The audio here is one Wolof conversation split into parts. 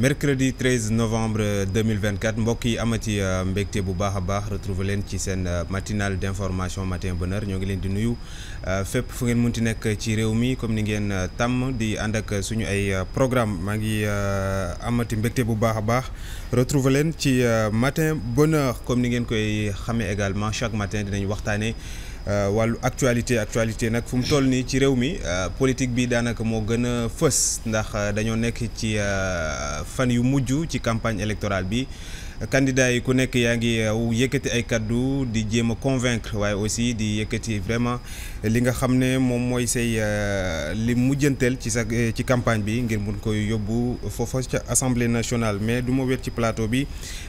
mercredi 13 novembre 2024 mbokk yi amati euh, mbégte bu baax a baax retrouve leen ci seen euh, matinale d' information matin bonheur ñoo ngi leen di nuyu euh, fépp fu ngeen munti nekk ci réew mi comme ni ngeen tàmm di ànd ak suñu ay programme maa ngi amati mbégte bu baax a baax retrouve leen ci matin bonheur comme ni ngeen koy xamee également chaque matin dinañ waxtaanee. Euh, wàllu actualité actualité nag fu mu toll nii ci réew mi euh, politique bi daanaka moo gën a fës ndax euh, dañoo nekk ci fan yu mujj ci campagne électorale bi candidat yi ku nekk yaa ngi yëkkati ay kaddu di jéem a convaincre waaye aussi di yëkkati vraiment li nga xam ne moom mooy say li mujjanteel ci sa ci campagne bi ngir mun koy yóbbu foofa ca assemblée nationale mais du ma ci plateau bi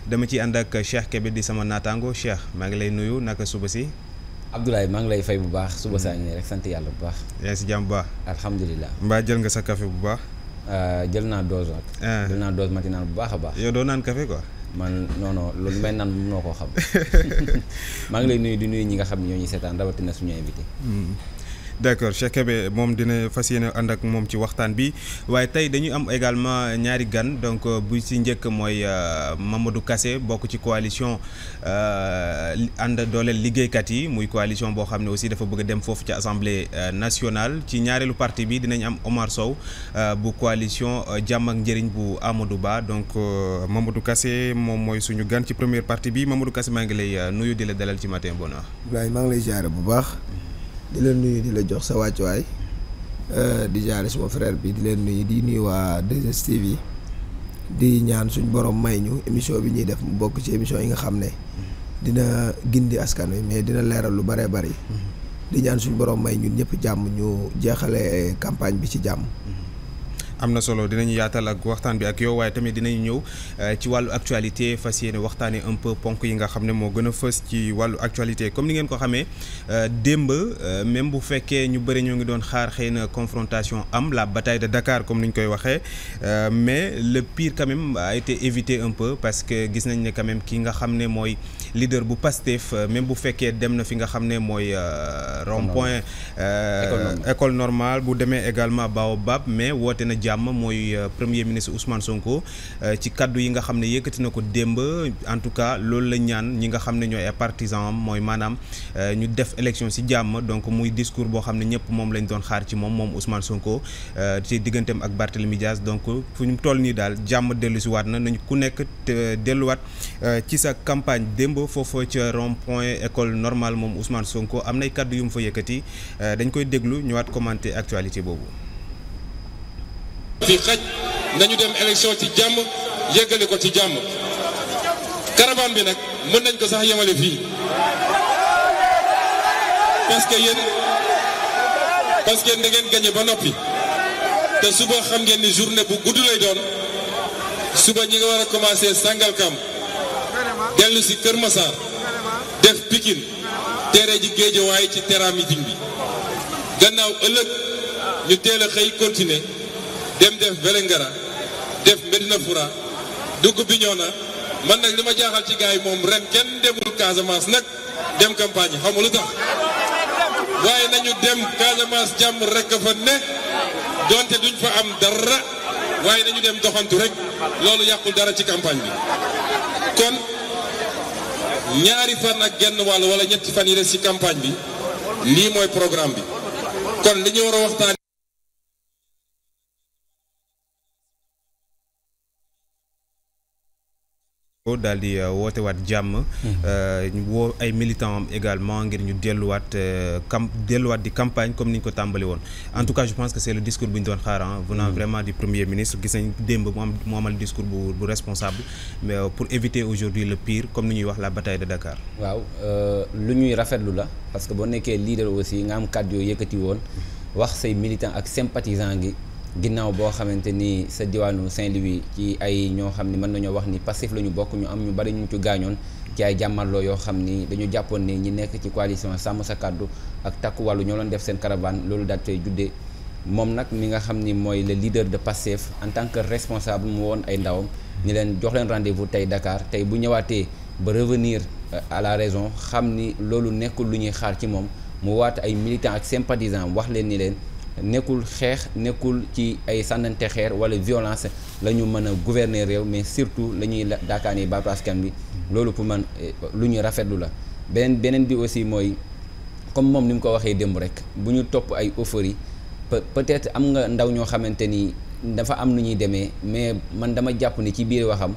dama ci ànd ak Cheikh Kébé di sama naataango Cheikh maa ngi lay nuyu naka suba si. Abdoulaye maa ngi lay fay bu baax suba mm. sa ngi ne sant yàlla bu baax. yaa si jàmm bu baax. alhamdulilah. mbaa jël nga sax kafe bu baax. Euh, jël naa dose nag. Ah. jël naa dose matinale bu baax a baax. yow doo naan café quoi. man non non loolu may naan mënoo koo xam maa ngi lay nuyu di nuyu ñi nga xam ne ñoo ñuy seetaan rawatina suñu invité. Mm. d'accord Cheikh be moom dina fas yéene ànd ak moom ci waxtaan bi waaye tey dañuy am également ñaari gan donc euh, bu si njëkk mooy euh, Mamadou kase bokk ci coalition euh, ànd dooleel liggéeykat yi muy coalition boo xam ne aussi dafa bëgg a dem foofu ci assemblée nationale ci ñaareelu parti bi dinañ am Omar Sow bu coalition jàmm ak njëriñ bu du baax donc Mamadou kase moom mooy suñu gan ci première partie bi Mamadou kase maa ngi lay nuyu di la dalal ci matin bonheur. Ibrahima bu baax. di leen nuyu di la jox sa wàccuwaay euh, di jaare suma frère bi di leen nuyu di nuyu waa 2STV yi di ñaan suñ borom may ñu émission bi ñuy def mu bokk ci émission yi nga xam ne dina gindi askan wi mais dina leeral lu bëree bëri. Mm-hmm. di ñaan suñ borom may ñu ñëpp jàmm ñu jeexale campagne bi ci jàmm. Mm-hmm. am na solo dinañu yaatal ak waxtaan bi ak yow waaye tamit dinañu ñëw eh, ci wàllu actualité fas yéene waxtaanee un peu ponk yi nga xam ne moo gën a fës ci wàllu actualité comme ni ngeen ko xamee eh, démb eh, même bu fekkee ñu bëri ñoo ngi doon xaar xëy na confrontation am la bataille de dakaar comme ni ñu koy waxee mais le pire quand même a été évité un peu parce que gis nañ ne quand même ki nga xam ne mooy leader bu Pastef euh, même bu fekkee dem na fi nga xam ne mooy euh, rond point euh, école normale bu demee également Baobab mais woote na jàmm mooy premier ministre Ousmane Sonko ci kaddu yi nga xam ne yëkkati na ko démb en tout cas loolu la ñaan ñi nga xam ne ñooy ay partisans mooy maanaam ñu def élection ci jàmm donc muy discours boo xam ne ñëpp moom lañ doon xaar ci moom moom Ousmane Sonko ci digganteem ak Barthélemy Dias donc fu ñu toll nii daal jàmm dellusiwaat na nañ ku nekk delluwaat ci sa campagne démb démb foofa ca rond point école normale moom Ousmane Sonko am nay kàddu yu mu fa yëkkati euh, dañ koy déglu ñëwaat commenter actualité boobu. fi xaj nañu dem élection ci jàmm yëggale ko ci jàmm caravane bi nag mën nañ ko sax yemale fii parce que yéen parce que ba noppi te suba xam ngeen ni journée bu gudd lay doon suba ñi nga war a commencé dellu si Kër Massar def Pikine tere ji waaye ci terrain meeting bi gannaaw ëllëg ñu teel a xëy continuer dem def Vélingara def Medina Fura dugg Bignona man nag li ma jaaxal ci gars yi moom ren kenn demul Casamance nag dem campagne xam nga tax waaye nañu dem Casamance jàmm rek fa ne donte duñ fa am dara waaye nañu dem doxantu rek loolu yàqul dara ci campagne bi ñaari fan ak genn wàll wala ñetti fan yi de ci campagne bi lii mooy programme bi kon li ñu war a waxtaan ko daal di euh, wootewaat jàmm. Hmm. Euh, ñu woo ay militants am également ngir ñu delluwaat euh, cam delluwaat di campagne comme ni ñu ko tàmbali woon. en tout cas je pense que c' est discours bu ñu doon xaar venant hmm. vraiment du premier ministre gis nañ démb mu am mu amal discours bu responsable mais pour éviter aujourd'hui le pire comme ni ñuy wax la bataille de Dakar. waaw lu ñuy rafetlu la parce que boo nekkee leader aussi nga am kàddu yooyu yëkkati woon wax say militants ak ginnaaw boo xamante ni sa diwaanu Saint-Louis ci ay ñoo xam ni mën nañoo wax ni passif la ñu bokk ñu am ñu bari ñu ci gaañoon ci ay jàmmarloo yoo xam ni dañu jàppoon ni ñi nekk ci coalition sàmm sa kàddu ak takk wàllu ñoo loon def seen caravane loolu daal tey juddee moom nag mi nga xam ni mooy le leader de Pastef en tant que responsable mu woon ay ndawam ni leen jox leen rendez-vous tey Dakar tey bu ñëwaatee ba revenir euh, à la raison xam ni loolu nekkul lu ñuy xaar ci moom mu waat ay militants ak wax leen ni leen. nekkul xeex nekkul ci ay sànnante xeer wala violence la ñu mën a gouverner réew mais surtout la ñuy daakaani baatu askan bi loolu pour man eh, lu ñu rafetlu la beneen beneen bi aussi mooy comme moom ni mu ko waxee démb rek bu ñu topp ay euphorie peut-être am nga ndaw ñoo xamante ni dafa am na ñuy demee mais man dama jàpp ni ci biir waxam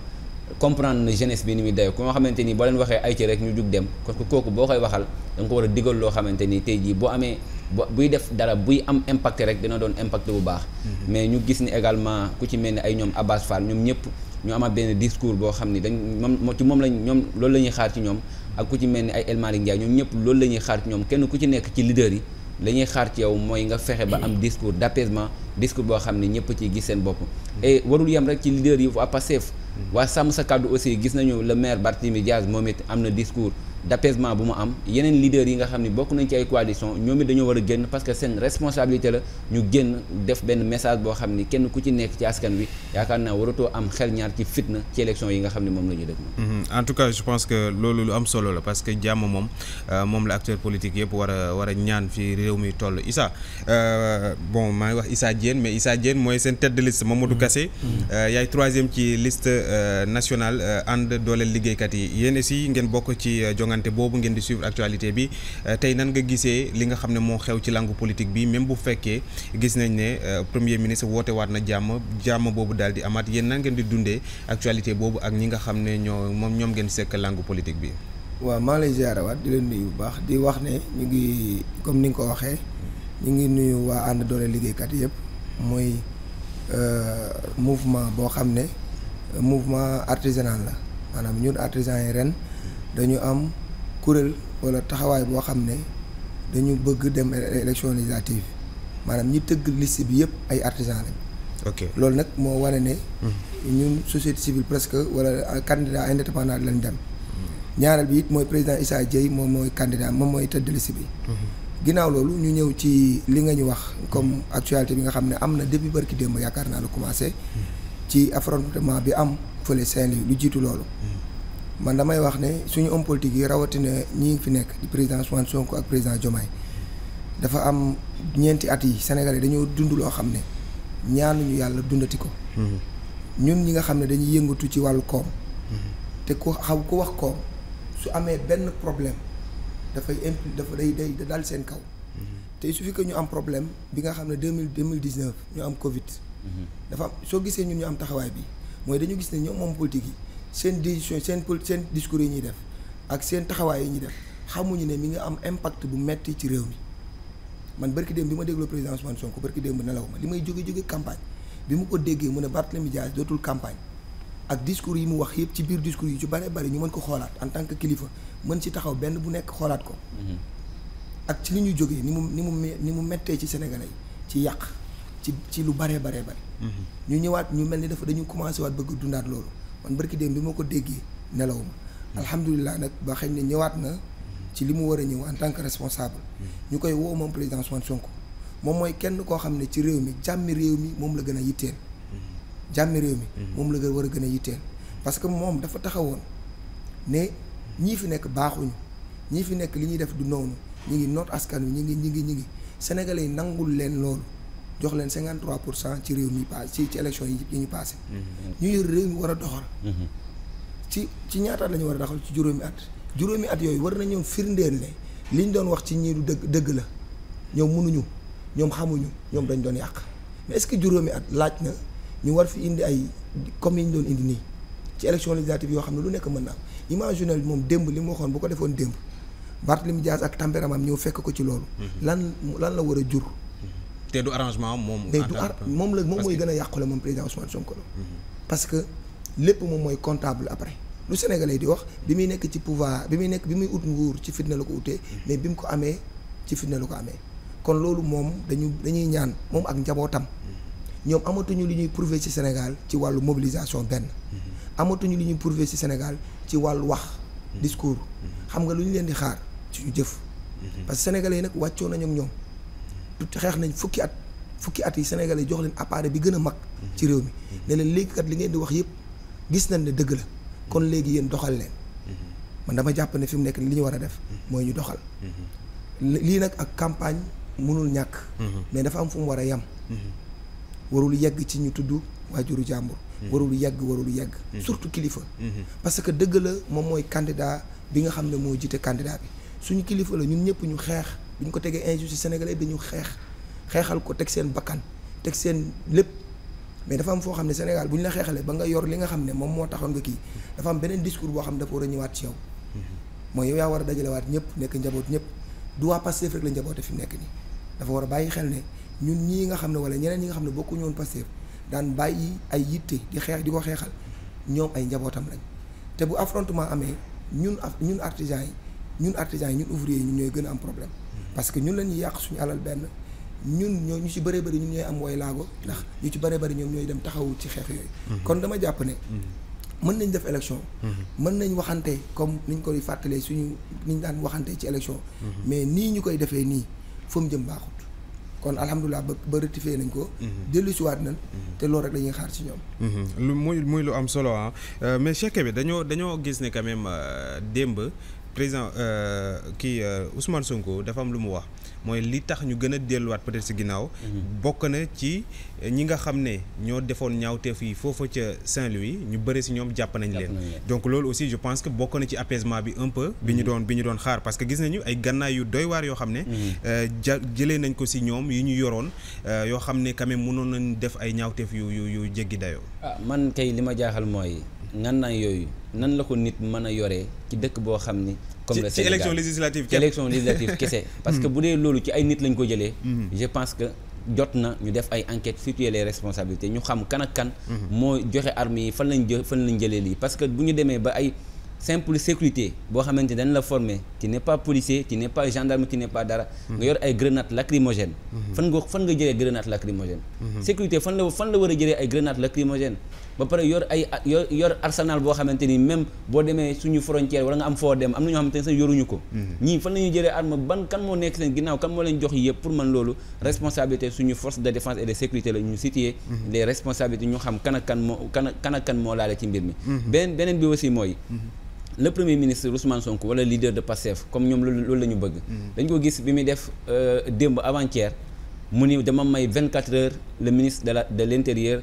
comprendre na jeunesse bi ni muy dayoo ku xamante ni boo leen waxee ay rek ñu jug dem parce que kooku boo koy waxal da loo xamante ni tey jii boo amee buy def dara buy am impact rek dina doon impact bu baax. Mm-hmm. mais ñu gis ni également ku ci mel ni ay ñoom Abbas Fall ñoom ñëpp ñu amaat benn discours boo xam ni dañ moom ci moom lañ ñoom loolu la ñuy xaar ci ñoom ak ku ci mel ni ay El Malick Ndiaye ñoom ñëpp loolu la ñuy xaar ñoom kenn ku ci nekk ci leader yi. la xaar ci yow mooy nga fexe ba am mm-hmm. discours d'apaisement discours boo xam ne ñëpp ci gis seen bopp. Mm-hmm. et warul yem rek ci leader yi waa Pastef. waa sàmm sa kàddu aussi gis nañu le maire Barthélémy Dias moom it am na discours. d'apaisement bu mu am yeneen leaders yi nga xam ne bokk nañ ci ay coalition ñoom it dañoo war a génn parce que seen responsabilité la ñu génn def benn message boo xam ni kenn ku ci nekk ci askan wi yaakaar naa waratoo am xel ñaar ci fitna ci élection yi nga xam ne moom la ñu def. Mhm. en tout cas je pense loolu lu am solo la parce que jàmm moom euh, moom la acteur politique yëpp war a war ñaan fi réew mi toll Issa euh, bon maa ngi wax Issa Diène mais Issa Diène mooy seen tête de liste Mamadou mhm. Kassé mhm. Euh, yaay troisième ci liste nationale ànd dooleel liggéeykat yi yéen aussi ngeen bokk ci jonga jongante boobu ngeen di suivre actualité bi euh, tey nan nga gisee li nga xam ne moo xew ci langu politique bi même bu fekkee gis nañ ne euh, premier ministre woote waat na jàmm jàmm boobu daal di amaat yéen nan ngeen di dundee actualité boobu ak ñi nga xam ne ñoo moom ñoom ngeen sekk langu politique bi. waa maa lay ziarawaat di leen nuyu bu baax di wax ne ñu ngi comme ni nga ko waxee ñu ngi nuyu waa ànd doole liggéeykat yëpp mooy euh, mouvement boo xam ne mouvement artisanal la maanaam kuréel wala taxawaay boo xam ne dañu bëgg dem e-, e-, élection législative maanaam ñi tëgg liste bi yëpp ay artisans lañ. ok loolu nag moo wane ne. Hmm. ñun société civile presque wala candidat indépendant lañ dem. ñaareel bi it mooy président Issa Dieye moom mooy candidat moom mooy tëdd liste bi. Hmm. ginnaaw loolu ñu ñëw ci li nga ñu wax comme actualité bi nga xam ne am na depuis barki démb yaakaar naa la commencé. Hmm. ci affrontement bi am fële Saint-Louis lu jiitu loolu. man damay wax ne suñu homme politique yi rawatina ñi fi nekk di président Ousmane Sonko ak président Diomaye dafa am ñeenti at yi Sénégalais dañoo dundu loo xam ne ñaanuñu yàlla dundati ko. Mm-hmm. ñun ñi nga xam ne dañuy yëngatu ci wàllu koom. Mm-hmm. te ku xaw ku wax koom su amee benn problème dafay impli dafa day day dal seen kaw. Mm-hmm. te su suffit que ñu am problème bi nga xam ne deux mille deux mille dix neuf ñu am Covid. dafa soo gisee ñun ñu am taxawaay bi mooy dañu gis ne ñoom moom politique yi. seen décision seen pol seen discours yi ñuy def ak seen taxawaay yi ñuy def xamuñu ne mi ngi am impact bu metti ci réew mi man barki démb bi ma dégloo président Ousmane Sonko barki démb nelaw ma li may jóge jóge campagne bi mu ko déggee mu ne Barthélemy Dias dootul campagne ak discours yi mu wax yëpp ci biir discours yi ci bare bare ñu mën ko xoolaat en tant que kilifa mën ci taxaw benn bu nekk xoolaat ko. Mm-hmm. ak ci li ñu jógee ni mu ni mu ni mu mettee ci sénégalais yi ci yàq ci ci lu bare bare bare. Mm-hmm. ñu ñëwaat ñu mel ni dafa dañu commencé waat bëgg dundaat loolu. man barki démb bi ma ko déggee nelawuma alhamdulilah nag ba xëy na ñëwaat na ci li mu war a ñëw en tant que responsable ñu koy woo moom président Ousmane Sonko moom mooy kenn koo xam ne ci réew mi jàmmi réew mi moom la gën a yitteel jàmmi réew mi moom la war a gën a yitteel parce que moom dafa taxawoon ne ñii fi nekk baaxuñu ñii fi nekk li ñuy def du noonu ñi ngi noot askan wi ñi ngi ñi ngi ñi ngi sénégalais yi nangul leen loolu jox leen 53 pour cent ci réew mi paase ci ci élection yi ñu paase. Mhm. ñu yor réew mi war a doxal. Mhm. ci ci ñaata at la ñu war a doxal ci juróomi at. juróomi at yooyu war nañoo firndeel ne liñ doon wax ci ñiiru dëgg dëgg la ñoom mënuñu ñoom xamuñu ñoom dañ doon yàq mais est que juróomi at laaj na ñu war fi indi ay comme yi ñu doon indi nii ci élection législative yoo xam ne lu nekk mën na am imaginel moom démb li mu waxoon bu ko defoon démb mu Dias ak tempérament am ñëw fekk ko ci loolu. Mhm. lan lan la war a jur. te du arrangement moom. mais du moom la moom mooy gën a yàqule moom président Ousmane Sonko la. Mhm. parce que lépp moom mooy comptable après. lu Sénégalais di wax bi muy nekk ci pouvoir bi muy nekk bi muy ut nguur ci fitna la ko utee mhm. mais bi mu ko amee ci fitna la ko amee kon loolu moom dañu dañuy ñaan moom ak njabootam mhm. ñoom amatuñu li ñuy prouver ci Sénégal ci wàllu mobilisation benn amatuñu li ñuy prouver ci Sénégal ci wàllu wax discours xam nga lu ñu leen di xaar ci jëf parce que Sénégalais yi nag wàccoo nañu ak ñoom xeex nañ fukki at fukki at yi Sénégal yi jox leen appareil bi gën a mag mhm. ci réew mi ne leen léegi kat li ngeen di wax yëpp gis nañ ne dëgg la kon léegi yéen doxal leen mhm. man dama jàpp ne fi mu nekk li ñu war a def mhm. mooy ñu doxal lii nag ak campagne mënul ñàkk mais dafa am fu mu war a yem warul yegg ci ñu tudd waajuru jàmbur warul yegg warul yegg surtout kilifa parce que dëgg la moom mooy candidat bi nga xam ne moo jiite candidat bi suñu kilifa la ñun ñëpp ñu xeex bi ñu ko tegee injustice sénégalais dañu xeex xeexal ko teg seen bakkan teg seen lépp mais dafa am foo xam ne Sénégal bu ñu la xeexalee ba nga yor li nga xam ne moom moo taxoon nga kii dafa am beneen discours boo xam ne dafa war a ñëwaat waat yow mooy yow yaa war dajalewaat ñëpp nekk njaboot ñëpp du waa Pastef rek la njaboote fi nekk nii dafa war a bàyyi xel ne ñun ñii nga xam ne wala ñeneen ñi nga xam ne bokkuñu woon Pastef daan bàyyi ay yitte di xeex di ko xeexal ñoom ay njabootam lañ te bu affrontement amee ñun ñun artisans yi ñun artisans yi ñun ouvriers ñooy gën a am problème parce que ñun la ñuy yàq suñu alal benn ñun ñoo ñu ci bëree bëri ñun ñooy am woy laago ndax ñu ci bëree bëri ñoom ñooy dem taxawu ci xeex yooyu mhm. kon dama jàpp ne mhm. mën nañ def élection mhm. mën nañ waxante comme niñ koy fàttalee suñu niñ daan waxante ci élection mais nii ñu koy defee nii fa jëm baaxut kon alhamdulilah ba ba rectifié nañ ko. dellu si waat nañ. te lool rek la ñuy xaar ci ñoom. lu muy muy lu am solo ah euh, mais Cheikh bi dañoo dañoo gis ne quand même euh, démb président euh, kii euh, Ousmane Sonko dafa am lu mu wax mooy li tax ñu gën a delluwaat peut-être si ginnaaw. Mhm. bokk na ci ñi nga xam ne ñoo defoon ñaawteef yi foofu ca Saint-Louis ñu bëri si ñoom jàpp nañ leen. donc loolu aussi je pense que bokk na ci apaisement bi un peu. bi ñu mhm. doon bi ñu doon xaar parce que gis nañu ay gannaay yu doy waar yoo xam ne. Mhm. Euh, ja jëlee nañ ko si ñoom yi ñu yoroon yoo xam ne quand même mënoon nañ def ay ñaawteef yu yu yu jéggi dayoo. ah man kay li ma jaaxal mooy. ngànnaay yooyu nan la ko nit mën a yoree ci dëkk boo xam ni comme le Sénégal ci élection législative ci élection législative kese parce que bu dee loolu ci ay nit lañ ko jëlee mhm. je pense que jot na ñu def ay enquêtes situer les responsabilités ñu xam kan ak kan mhm. moo joxe armes yi fan lañ jë fan lañ jëlee lii parce que bu ñu demee ba ay simple sécurité boo xamante dañ la former tu n'es pas policier tu n'es pas gendarme tu n'es pas dara mhm. nga yor ay grenades lacrymogènes fan nga fan nga jëlee grenade lacrymogène la fan la ba pare yor ay yor yor arsenal boo xamante ni même boo demee suñu frontière wala nga am foo dem am na ñoo xamante ne sax yoruñu ko mhm. ñii fa la ñu jëlee arme ban kan moo nekk seen ginnaaw kan moo leen jox yëpp pour man loolu responsabilité suñu force de défense et de sécurité la ñu situé mhm. les responsabilités ñu xam kan ak kan moo kan moo laale ci mbir mi mhm. beneen bi aussi mooy le premier ministre Ousmane Sonko wala leader de Pastef comme ñoom loolu la ñu bëgg dañ ko gis bi muy def euh, démb avant-hier mu ni dama may 24 le ministre de la de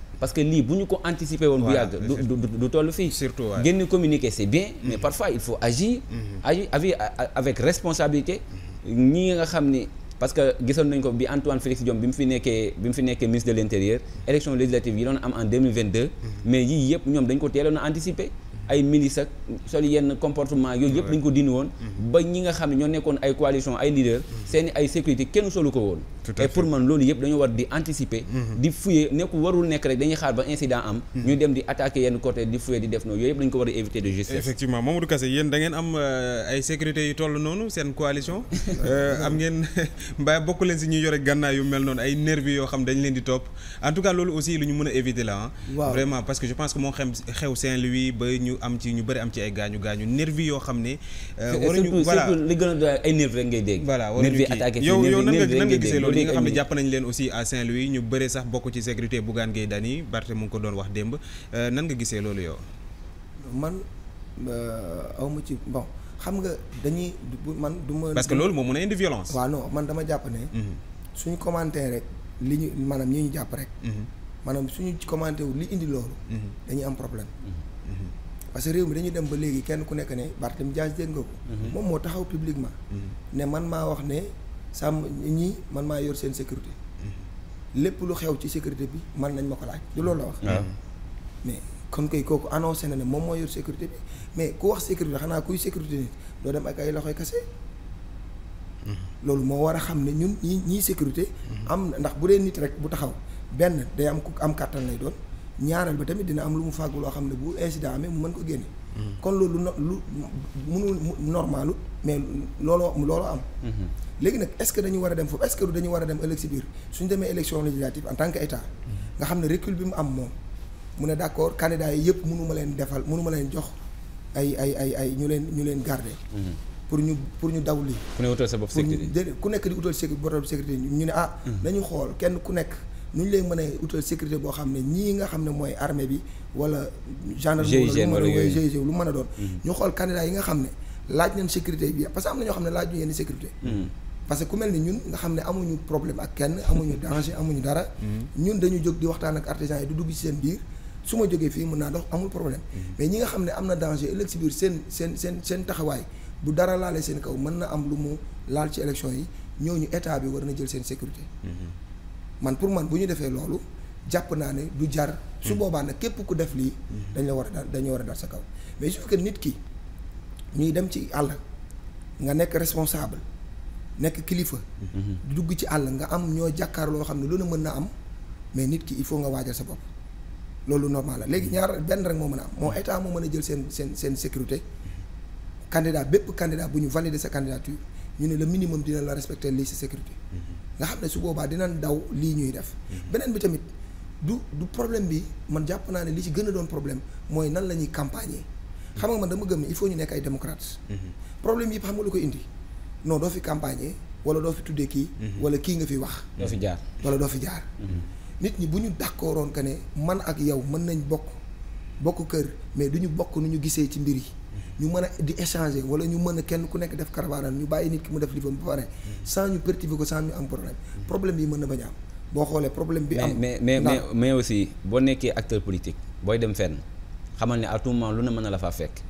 parce que lii bu ñu ko anticiper woon bu yàgg du toll fii surtout génn communiquer c'est bien mais mm-hmm. parfois il faut agir mm-hmm. avec responsabilité mm-hmm. ñi nga xam ni parce que gisoon nañ ko bi Antoine Félix Diome bi mu fi nekkee bi fi nekkee ministre de l'intérieur élection législative yi doon am en 2022 mais yii yëpp ñoom dañ ko teeloon anticiper ay milices ak yenn comportement yooyu yëpp dañ ko dindi woon ba ñi nga xam ne ñoo nekkoon ay coalition ay leaders seeni ay sécurité kenn solu ko woon et pour man loolu yëpp dañoo war di anticiper. Mhm. di fuye nekk warul nekk rek dañuy xaar ba incident am. Mhm. ñu dem di attaquer yenn côté di fuye di def noonu yooyu yëpp dañu ko war a éviter de justesse. effectivement Mamadou Kassé yéen da ngeen am euh, ay euh, di topp en loolu aussi lu ñu mën a éviter la ah. vraiment parce que je pense que moo xew Saint-Louis ba ñu am ci ñu bëri am ci ay gaañu gaañu nervi yoo xam ne. Euh, waruñu voilà li gën a doy ay nervi rek ngay dégg. voilà ndaw ñi nga xam ne jàpp nañ leen aussi à Saint-Louis ñu bëre sax bokk ci sécurité Bougane Gueye Dany Barth mu ngi ko doon wax démb euh, nan nga gisee loolu yoo man euh, awma ci bon xam nga dañuy man du ma. parce que loolu moom mën a indi violence. waaw man dama jàpp ne. Mhm. suñu rek li ñu maanaam ñi ñu jàpp rek. Mhm. maanaam suñu commenté wu li indi loolu. Mhm. dañuy am problème. parce que réew dem ba léegi kenn ku nekk ne Barthélémy Dias dégg ko. moom moo taxaw publiquement ne man maa wax ne sàmm ñii man maa yor seen sécurité lépp lu xew ci sécurité bi man nañ ma ko laaj du loolu la wax ah. mais kon koy kooku annoncé na ne moom moo yor sécurité bi mais ku wax sécurité xanaa kuy sécurité nit doo dem ak ay loxoy kase loolu moo war a xam ne ñun ñi ñii sécurité am na ndax bu dee nit rek bu taxaw benn day am ku am kàttan lay doon ñaareel ba tamit dina am lu mu fàggu loo xam ne bu incident amee mu mën ko génne mm. kon loolu lu no lu mais looloo looloo am mm-hmm. léegi nag est-ce que dañu war a dem foofu est-ce que dañu war a dem ëllëg si biir suñu demee élection législative en tant que état nga xam ne recul bi mu am moom mu ne d'accord candidat yi yëpp mënu ma leen defal mënu ma leen jox ay ay ay ñu leen ñu leen garder. Mm-hmm. pour ñu pour ñu daw lii. ku ne utal sa bopp sécurité ku nekk di utal sécurité borom sécurité ñu ne ah. Mm-hmm. kenn ku nekk ñu lay mën a utal sécurité boo xam ne ñii nga xam ne mooy bi wala. gendarmerie wala GIGN lu mën doon. Mm-hmm. ñu xool candidat yi nga xam ne laaj nañ sécurité bi parce que am na ñoo xam ne laaj ñu yenn sécurité. parce que ku mel ni ñun nga xam ne amuñu problème ak kenn amuñu danger amuñu dara. Mm-hmm. ñun dañu jóg di waxtaan ak artisans yi di dugg ci seen biir su ma jógee fii mën naa dox amul problème. Mm-hmm. mais ñi nga xam ne am na danger ëllëg biir seen seen seen taxawaay bu dara laalee seen kaw mën na am lu mu laal ci élection yi ñu état bi war na jël seen sécurité. Mm-hmm. man pour man bu ñu defee loolu jàpp naa ne du jar. su boobaa nag képp ku def lii. dañ la war a dal dañoo war a dal sa kaw mais su nit ki ñuy dem ci àll nga nekk responsable. nekk kilifa. dugg ci àll nga am ñoo jàkkaar loo xam ne lu ne mën na am mais nit ki il faut nga waajal sa bopp loolu normal la léegi ñaar benn rek moo mën a am moo état moo mën a jël seen seen seen sécurité. candidat bépp candidat bu ñu valider sa candidature ñu ne le minimum dina la respecter lii si sécurité. nga xam ne su boobaa dina daw lii ñuy def. beneen bi tamit du du problème bi man jàpp naa ne li ci gën a doon problème mooy nan la ñuy campagner. xam nga man dama gëm ne il faut ñu nekk ay démocrates. Mhm. xam nga lu koy indi. non doo fi campagne wala doo fi tuddee kii. Mhm. wala kii nga fi wax. doo fi jaar wala doo fi jaar. Mhm. nit ñi bu ñu d'accordoon que ne man ak yow mën nañ bokk bokk kër mais du ñu bokk nu ñu gisee ci mbir yi. Mhm. ñu mën a di échanger wala ñu mën a kenn ku nekk def caravane ñu bàyyi nit ki mu def li ba pare. sans ñu perturber ko sans ñu am problème problème yi mën na bañ a am boo xoolee problème bi. am mais mais mais mais aussi boo nekkee acteur politique booy dem fenn xamal ne à tout ne mën na la fekk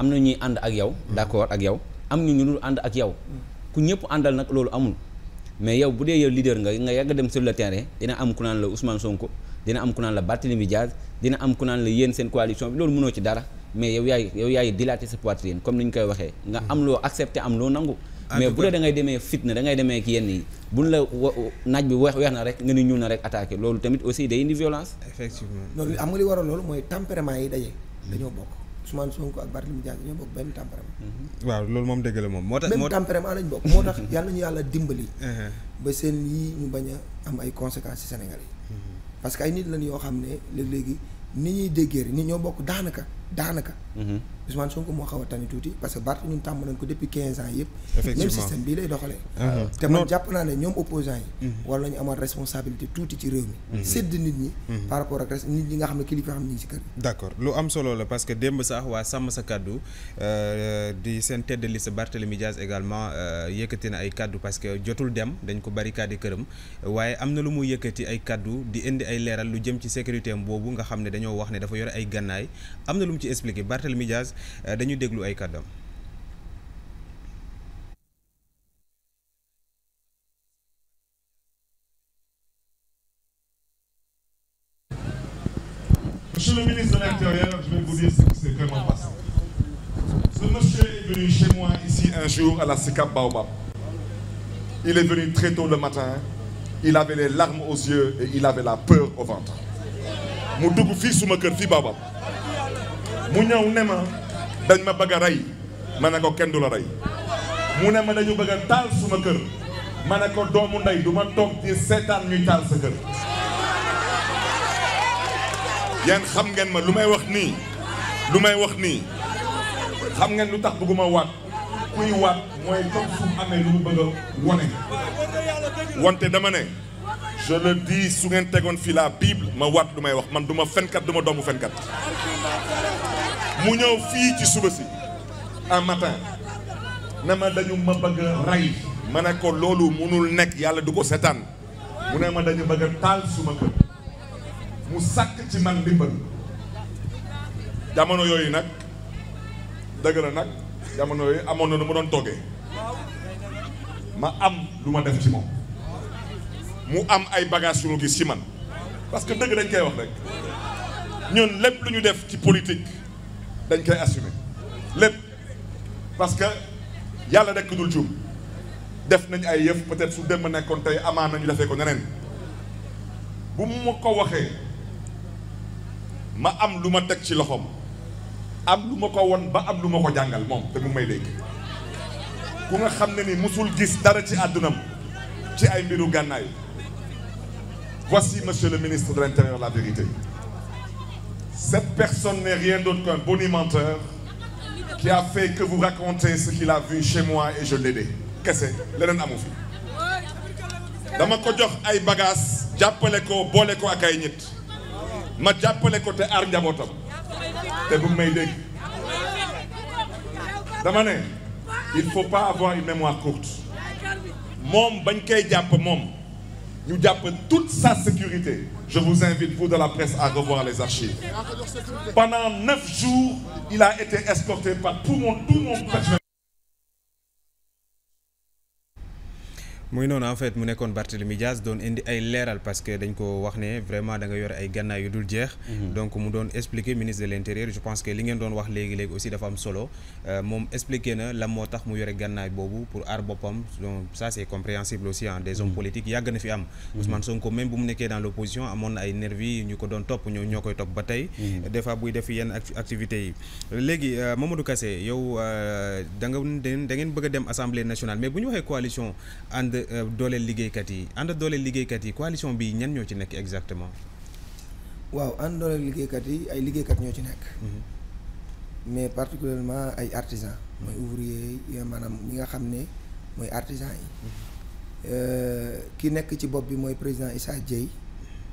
am na ñuy ànd ak yow. d'accord ak yow. am ñu ñu dul ànd ak yow ku ñëpp àndal nag loolu amul mais yow bu dee yow leader nga nga yàgg dem sur le terrain dina am ku naan la Ousmane Sonko dina am ku naan la Barthélémy Diaz dina am ku naan la yéen seen coalition bi loolu mënoo ci dara mais yow yaay yow yaay dilaté sa poitrine comme ni ñu koy waxee nga hmm. am loo accepté am loo nangu mais bu dee da ngay demee fitna da demee ki yenn yi buñ la naaj bi weex weex na rek nga ni ñuul na rek attaqué loolu tamit aussi day indi violence loolu am nga li waral loolu mooy tempérament yi daje hmm. dañoo bokk Ousmane Sonko ak Barthélémy Dias ñoo bokk benn tempérament. Mhm. waaw loolu moom dëgg la moom moo tax. moo benn tempérament lañ bokk moo tax yàlla nañu yàlla dimbali. Uh-huh. ba seen yi ñu bañ a am ay conséquences ci Sénégal yi. Mhm. parce que ay nit lañ yoo xam ne léeg-léegi ni ñuy déggee ni ñoo bokk daanaka daanaka. Mm-hmm. Ousmane Sonko moo xaw a tani tuuti parce que Barth ñun tàmm nañ ko depuis quinze ans yëpp. effectivement même système bii lay doxalee. Ah naa ne ñoom opposants yi. Mm-hmm. war nañu amaat responsabilité tuuti ci réew mi. Mm-hmm. sédd nit ñi. par ak nit ñi nga xam ne kilifa xam ne ñu ngi kër. accord lu am solo la parce que démb sax waa sàmm sa kaddu euh, di seen tête de liste Barthélémy Diaz également euh, yëkkati na ay kàddu parce que jotul dem dañ ko bari barricade këram waaye am na lu mu yëkkati ay kàddu di indi ay leeral lu jëm ci sécurité boobu nga xam ne dañoo wax ne dafa yore ay gànnaay am na lu mu ci expliqué Barthélémy Dias euh, dañu déglu ay kàddam Monsieur le ministre ce monsieur est venu chez moi ici un jour à la SICAP Baobab. Il est venu très tôt le matin, il avait les larmes aux yeux et il avait la peur au ventre. mu dugg fii suma kër fii Baobab. mu ñëw ne ma dañ ma bëgg a rey ma ne ko kenn du la rey mu ne ma dañu bëgg a taal suma kër ma ne ko doomu ndey du ma toog di seetaan ñuy taal sa kër yéen xam ngeen ma lu may wax nii lu may wax nii xam ngeen lu tax bëgguma waat kuy waat mooy comme su amee lu mu bëgg a wante dama ne je le dis su ngeen tegoon fii la Bible ma waat du may wax man du ma fenkat du ma doomu fenkat mu ñëw fii ci suba si en matin na ma dañu ma bëgg a rey ma ne ko loolu munul nekk yàlla du ko seetaan mu ne ma dañu bëgg a taal suma kër mu sàkk ci man ndimbal jamono yooyu nag dëgg la nag jamono yooyu amoon na nu ma doon toggee ma am lu ma def ci moom mu am ay bagages yu ma gis ci man parce que dëgg dañ koy wax rek ñun lépp lu ñu def ci politique dañ koy assumer lépp parce que yàlla rekk dul juum def nañ ay yëf peut-être su dem nekkoon tey amaan nañu defee ko neneen bu ma ko waxee ma am lu ma teg ci loxoom am lu ma ko won ba am lu ma ko jàngal moom te mu may dégg ku nga xam ne ni mosul gis dara ci àdduna àddunam ci ay mbiru gànnaay voici monsieur le ministre de l'intérieur la vérité Cette personne n'est rien doon qu'un bonimenteur qui a fait que vous racontez ce qu'il a vu chez moi et je l'ai kese leneen amu fi dama ko jox ay bagages jàppale ko boole ko ak ay nit ma jàppale ko te aar njabootam te bu may dégg dama ne il faut pas avoir une mémoire courte moom bañ koy jàpp moom ñu jàpp toute sa sécurité Je vous invite, vous de la presse, à revoir les archives. Pendant jours, il a été escorté par tout mon, tout mon muy noonu en fait mu nekkoon Barthélemy Dias doon indi ay leeral parce que dañ ko wax ne vraiment da nga yore ay gànnaay yu dul jeex. Mhm. donc mu doon expliquer ministre de l' je pense que li ngeen doon wax léegi léegi aussi dafa am solo euh, moom expliquer na lan moo tax mu yore gànnaay boobu pour aar boppam donc ça c' est compréhensible aussi ah. des hommes mhm. politiques yàgg na fi am. Mhm. Ousmane Sonko même bu mu nekkee dans l' amoon na ay nervi ñoo ñoo koy topp ba tey. des fois buy def yenn activités yi. léegi euh, euh, da nga da ngeen bëgg a dem assemblée mais bu ñu Euh, dooleel liggéeykat yi ànd dooleel liggéeykat yi coalition bi ñan ñoo ci nekk exactement. waaw ànd dooleel liggéeykat yi ay liggéeykat ñoo ci nekk. Mhm. mais particulièrement ay artisans. mooy mhm. ouvrier yi euh, maanaam ñi nga xam ne mooy artisans yi. Mhm. Euh, ki nekk ci bopp bi mooy président Issa Dieye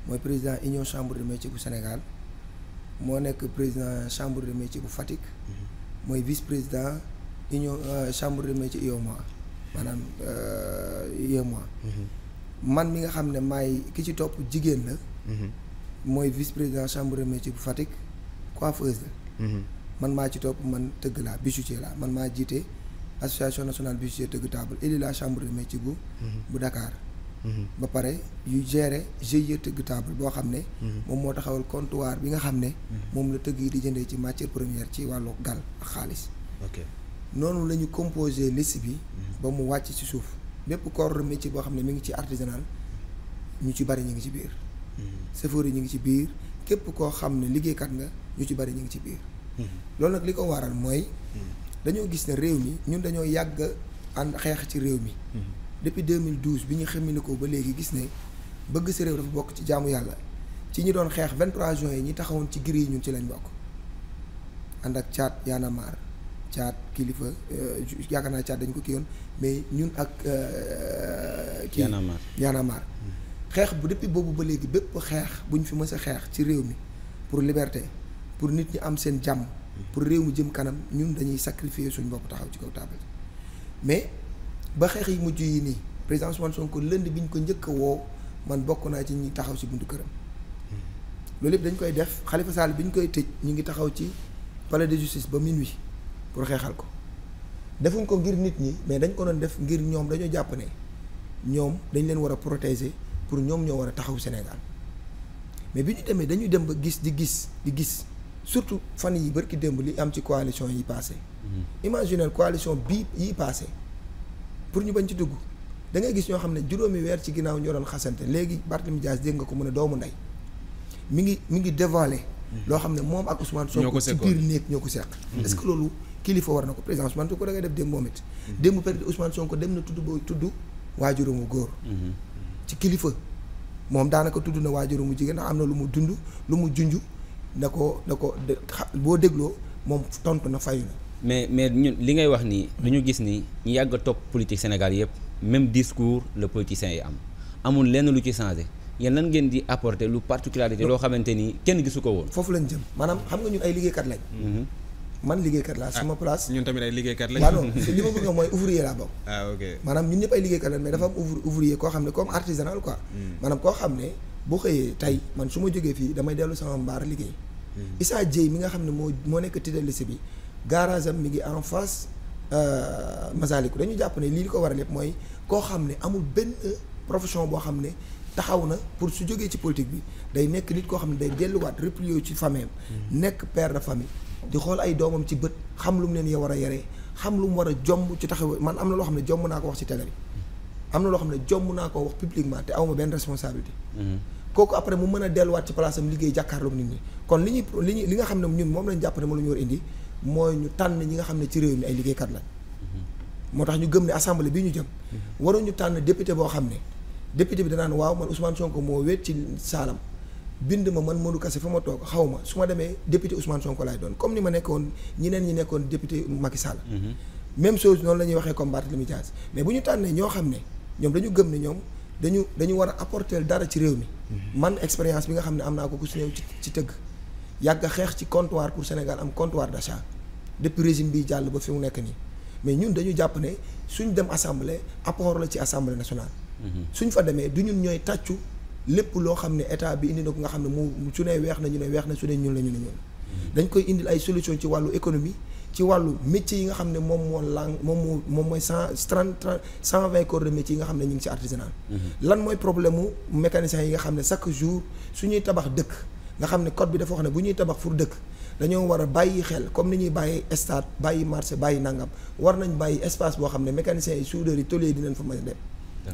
mooy président union chambre de métier bu Sénégal moo nekk président chambre de métier bu Fatick. mooy vice président union chambre de ci Ioma. maanaam UEMOA. Euh, mm-hmm. man mi nga xam ne maay ki ci topp jigéen la. Mm-hmm. mooy vice président chambre de métier bu Fatick coiffeuse la. Mm-hmm. man maa ci topp man tëgg laa bijoutier laa man maa jiite association nationale bijoutier tëgg table élu la chambre de métier bu. bu Dakar. ba pare yu gérer GIE tëgg table boo xam ne. moom moo taxawal comptoir bi nga xam ne. moom la tëgg yi di jëndee ci matière première ci wàllu gal ak xaalis. noonu la ñu composé liste bi mhm. ba mu wàcc ci suuf bépp corps de boo xam ne mu ngi ci artisanal ñu ci bari ñu ngi ci biir mhm. chauffeur yi ñu ngi ci biir képp koo xam ne liggéeykat nga ñu ci bari ñu ngi ci biir mhm. loolu nag li ko waaral mooy dañoo gis ne réew mi ñun dañoo yàgg ànd xeex ci réew mi depuis 2012 bi ñu xamee ko ba léegi gis ne bëgg sa réew dafa bokk ci jaamu yàlla ci ñu doon xeex 23 juin yi ñi taxawoon ci giri yi ñun ci lañ bokk ànd ak caat yaana caat kilifa euh, yaakaar naa caat dañ ko kii yoon mais ñun ak. Euh, kii Y'en a xeex bu depuis boobu ba léegi bépp xeex bu ñu fi mës a xeex ci réew mi pour liberté pour nit ñi am seen jàmm. pour réew mi jëm kanam ñun dañuy sacrifier suñu bopp taxaw ci kaw taabal mais ba xeex yi mujj yi nii président Ousmane Sonko lënd bi ñu ko njëkk a woo man bokk naa ci ñi taxaw ci buntu këram. Hmm. loolu yëpp dañ koy def Khalifa Sall bi ñu koy tëj ñu ngi taxaw ci palais de justice ba minuit. pour xeexal ko defuñ ko ngir nit ñi mais dañ ko doon def ngir ñoom dañoo jàpp ne ñoom dañ leen war a protéger pour ñoom ñoo war a taxaw Sénégal mais bi ñu demee dañuy dem ba gis di gis gis surtout fan yi bërki démb li am ci coalition yi passé mm-hmm. imaginez coalition bi yi passé pour ñu bañ ci dugg da ngay gis ñoo xam ne juróomi weer ci ginnaaw ñoo doon xasante léegi Barthélémy Dias dégg nga ko mën a doomu ndey mi ngi mi ngi dévoilé mm-hmm. loo xam ne moom ak Ousmane Sonko ci ñoo ko seq mm-hmm. kilifa war na ko président Ousmane Sonko da ngay def démb moom it. démb peut être dem na tudd booy tudd waajuramu góor. ci kilifa moom daanaka tudd na waajuramu jigéen ndax am na lu mu dund lu mu junj na ko na ko boo dégloo moom tontu na fay mais mais ñun li ngay wax nii dañu gis ni ñu yàgg a topp politique Sénégal yëpp même discours le politicien yi am amul lenn lu ci changé yéen lan ngeen di apporter lu particularité loo xamante ni kenn gisu ko woon. foofu lañ jëm maanaam xam nga ñun ay liggéeykat lañ. Mhm. man liggéeykat laa sama ah, place. ñun tamit ay liggéeykat lañ. waaw non li ma bëgg a mooy ouvrier laa bokk. ah ok maanaam ñun ñëpp ay liggéeykat lañ mais dafa am ouvrier koo xam ne comme artisanal quoi. Hmm. maanaam koo xam ne boo xëyee tey man su ma jógee fii damay dellu sama mbaar liggéey. Hmm. sa Dieye mi nga xam ne moo moo nekk titre lycée bi garage am mi ngi en face euh, Masaliku dañu jàpp ne lii li ko war a lépp mooy koo xam ne amul benn profession boo xam ne. taxaw na pour su jógee ci politique bi day nekk nit koo xam ne day delluwaat replié ci famille hmm. nekk père de famille di xool ay doomam ci bët xam lu mu leen ya war a yaree xam lu mu war a jomb ci taxaw man am na loo xam ne jomb naa ko wax ci télé am na loo xam ne jomb naa ko wax publiquement te awma benn responsabilité mhm. kooku après mu mën a delluwaat ci place am liggéey jàkkaarloog nit ñi kon li ñuy li nga xam ne ñun moom lañ jàpp ne ma la ñu war indi mooy ñu tànn ñi nga xam ne ci réew mi ay liggéeykat lañ mhm. moo tax ñu gëm ne assemblée bi ñu jëm mhm. waruñu tànn député boo xam ne député bi danaan waaw man Ousmane Sonko moo wéet ci saalam bind ma man Modou Kassé fa ma toog xaw ma su ma demee député Ousmane Sonko laay doon comme ni ma nekkoon ñeneen ñi nekkoon député Macky Sall. Mhm. même chose noonu la ñuy waxee comme Barthélémy mais bu ñu tànnee ñoo xam ne ñoom dañu gëm ne ñoom dañu dañu war a dara ci réew mi. Mhm. man expérience bi nga xam ne am naa ko ku si néew ci ci tëgg. yàgg a xeex ci comptoir pour Sénégal am comptoir d'achat depuis régime bi jàll ba fi mu nekk nii mais ñun dañu jàpp ne suñ dem assemblée apport la ci assemblée nationale. Mhm. suñ fa demee du ñun ñooy tàccu. lépp loo xam ne état bi indi na ko nga xam ne mu su ne weex na ñu ne weex na su ne ñun la ñu ne ñun mm-hmm. dañ koy indil ay solution ci wàllu économie ci wàllu métier yi nga xam ne moom moo lang moom moo moom mooy cent trente trente cent vingt corps de métier yi nga xam ne ñu ngi ci artisanal mm-hmm. lan mooy problème mu mécanicien yi nga xam ne chaque jour suñuy tabax dëkk nga xam ne code bi dafa wax ne bu ñuy tabax pour dëkk dañoo war a bàyyi xel comme ni ñuy bàyyi stade bàyyi marché bàyyi nangam war nañ bàyyi espace boo xam ne mécaniciens yi soudeurs yi tôliers yi dinañ fa mën a dem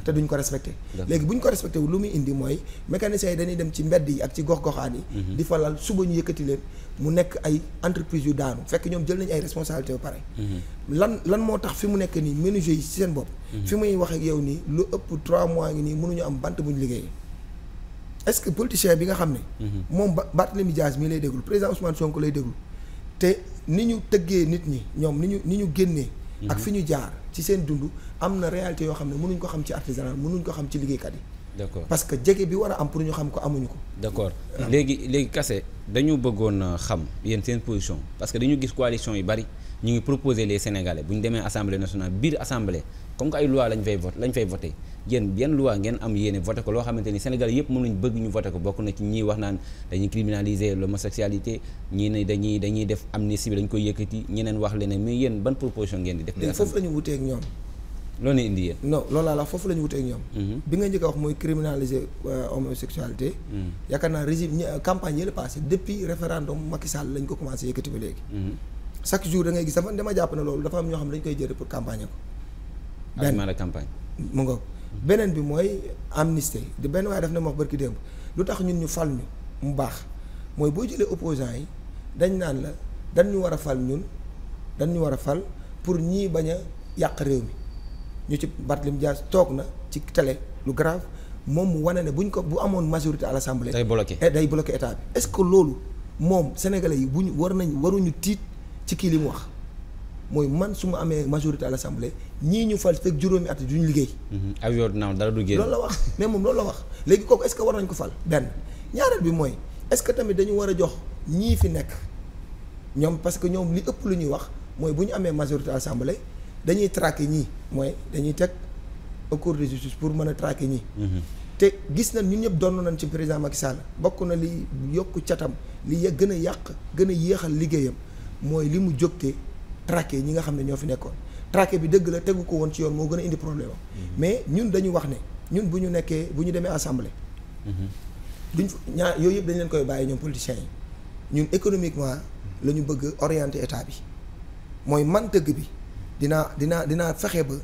te duñ ko respecté léegi bu ñu ko respecté wu lu muy indi mooy mécaniciens yi dañuy dem ci mbedd yi ak ci gox-goxaan yi mhm. di falal suba ñu yëkkati leen mu nekk ay entreprise yu daanu fekk ñoom jël nañu ay responsabilité ba pare mhm. lan lan moo tax fi mu nekk nii menuisier yi ci seen bopp mhm. fi muy wax ak yow nii lu ëpp trois mois ngi nii mënuñu am bant buñu ñu liggéeyee est-ce que politicien bi nga xam ne moom Barthélémy Dias mii lay déglu président Ousmane Sonko lay déglu te ni ñu tëggee nit ñi ñoom ni ñu ni ñu génnee ak fi ñu jaar ci seen dund am na réalité yoo xam ne mënuñ ko xam ci artisanal mënuñ ko xam ci liggéeykat yi. d'accord parce que jege bi war a am pour ñu xam ko amuñu ko. d'accord ah. léegi léegi Kassé dañu bëggoon euh, xam yéen seen position parce que dañu gis coalition yi bari ñu ngi proposer les sénégale bu ñu demee assemblée nationale biir assemblée. comme que ay loi lañ fay vote lañ fay voté yéen yan loi ngeen am yéene voté ko loo xamante ni Sénégal yëpp moom lañ bëgg ñu voté ko bokk na ci ñii wax naan dañuy criminaliser l'homosexualité ñii ne dañuy dañuy def amnistie bi dañ koy yëkkati ñeneen wax leneen mais yéen ban proposition ngeen di def léegi foofu la ñu wutee ak ñoom loolu indi yéen non loolu laa la foofu la ñu ñoom mhm. bi nga njëkk a wax mooy criminaliser euh, homosexualité mhm. yaakaar naa régime campagne yi ko benn de campagne mu ngoog beneen bi mooy amnistie benn waaye daf ne ma wax barki démb lu tax ñun ñu fal ñu mu baax mooy boo jëlee opposant yi dañ naan la dañ ñu war a fal ñun dañ ñu war a fal pour ñii bañ a yàq réew mi ñu ci Barthélémy Dias toog na ci télé lu grave moom mu wane ne buñ ko bu amoon majorité à l'Assemblée day bloqué eh, day bloqué état bi est-ce que loolu moom sénégalais yi bu ñu war nañ waruñu tiit ci kii li mu wax mooy man su ma amee majorité à l'assemblée ñii ñu fal fekk juróomi at duñu liggéey. Mm-hmm. aw yoon dara du la wax mais moom loolu la wax léegi kooku est-ce que war nañ ko fal benn ñaareel bi mooy est-ce que tamit dañu war a jox ñii fi nekk ñoom parce que ñoom li ëpp lu ñuy wax mooy bu ñu amee majorité à l'assemblée dañuy traquer ñii mooy dañuy teg au cours de justice pour mën a traquer ñii. Mm-hmm. te gis nañ ñu ñëpp doon nañ ci président Macky Sall bokk na li yokk catam li gën a yàq gën a yéexal liggéeyam mooy li mu jógtee traqué ñi nga xam ne ñoo fi nekkoon traqué bi dëgg la tegu ko woon ci yoon moo gën a indi problème mhm. mais ñun dañu wax ne ñun bu ñu nekkee bu ñu demee assemblée. Mhm. duñ ñaar yooyu yëpp dañ leen koy bàyyi ñoom politiciens yi ñun économiquement la ñu bëgg orienter état bi mooy man tëgg bi dinaa dinaa dinaa fexe ba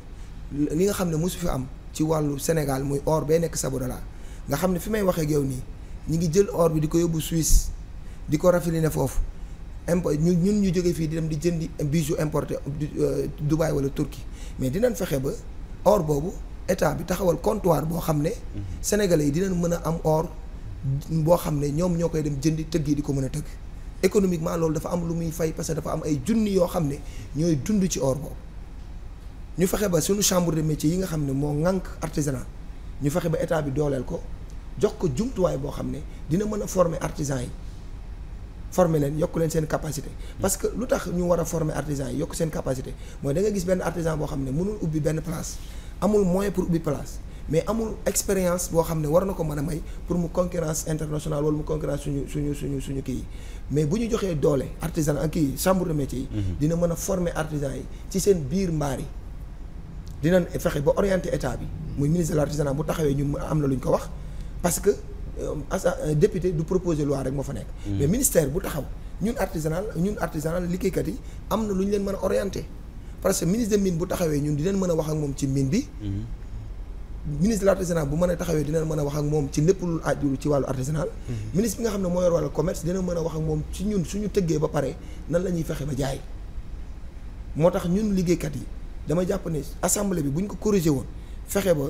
li nga xam ne mosu fi am ci wàllu Sénégal muy or bee nekk Sabodala nga xam ne fi may waxee ak yow nii ñi ngi jël or bi di ko yóbbu Suisse di ko raffiné foofu impo ñu ñun ñu jóge fii di dem di jëndi bijou importé euh, euh, Dubaï wala Turquie mais dinañ fexe ba or boobu état bi taxawal comptoir boo xam ne. Mhm. sénégalais yi dinañ mën a am or boo xam ne ñoom ñoo koy dem jëndi tëgg yi di ko mën a tëgg. économiquement loolu dafa am lu muy fay parce que dafa am ay junni yoo xam ne ñooy dund ci or boobu ñu fexe ba suñu chambre de métier yi nga xam ne moo ŋànk artisanat ñu fexe ba état bi dooleel ko jox ko jumtuwaay boo xam ne dina mën a former artisan yi. former leen yokk leen seen capacité parce que lu tax ñu war a former artisans yi yokk seen capacité mooy danga nga gis benn artisan boo xam ne mënul ubbi benn place amul moyen pour ubbi place mais amul expérience boo xam ne war na ko mën a may pour mu concurrence internationale wala mu concurrence suñu suñu suñu suñu kii yi mais bu ñu joxee doole artisan ak kii chambre de métier yi mhm. dina mën a former artisans yi ci seen biir mbaar yi dinañ fexe ba orienter état bi muy ministre de l'artisanat bu taxawee ñu am na lu ñu ko wax parce que Euh, euh, député du proposer loi rek moo fa nekk. Hmm. mais ministère bu taxaw ñun artisanal ñun artisanal liggéeykat yi am na lu ñu leen mën a orienté parce que ministre mine bu taxawee ñun dinañ mën a wax ak moom ci mine bi. Hmm. ministre de l'artisanat mën a taxawee dina mën a wax ak moom ci lépp lu ajuru ci wàllu artisanal hmm. ministre bi nga xam ne moo yor wàllu commerce dina mën a wax ak moom ci ñun suñu tëggee ba pare nan la ñuy fexe ba jaay moo tax ñun liggéeykat yi dama jàpp ne assemble bi bu ñu ko corrigé woon fexe ba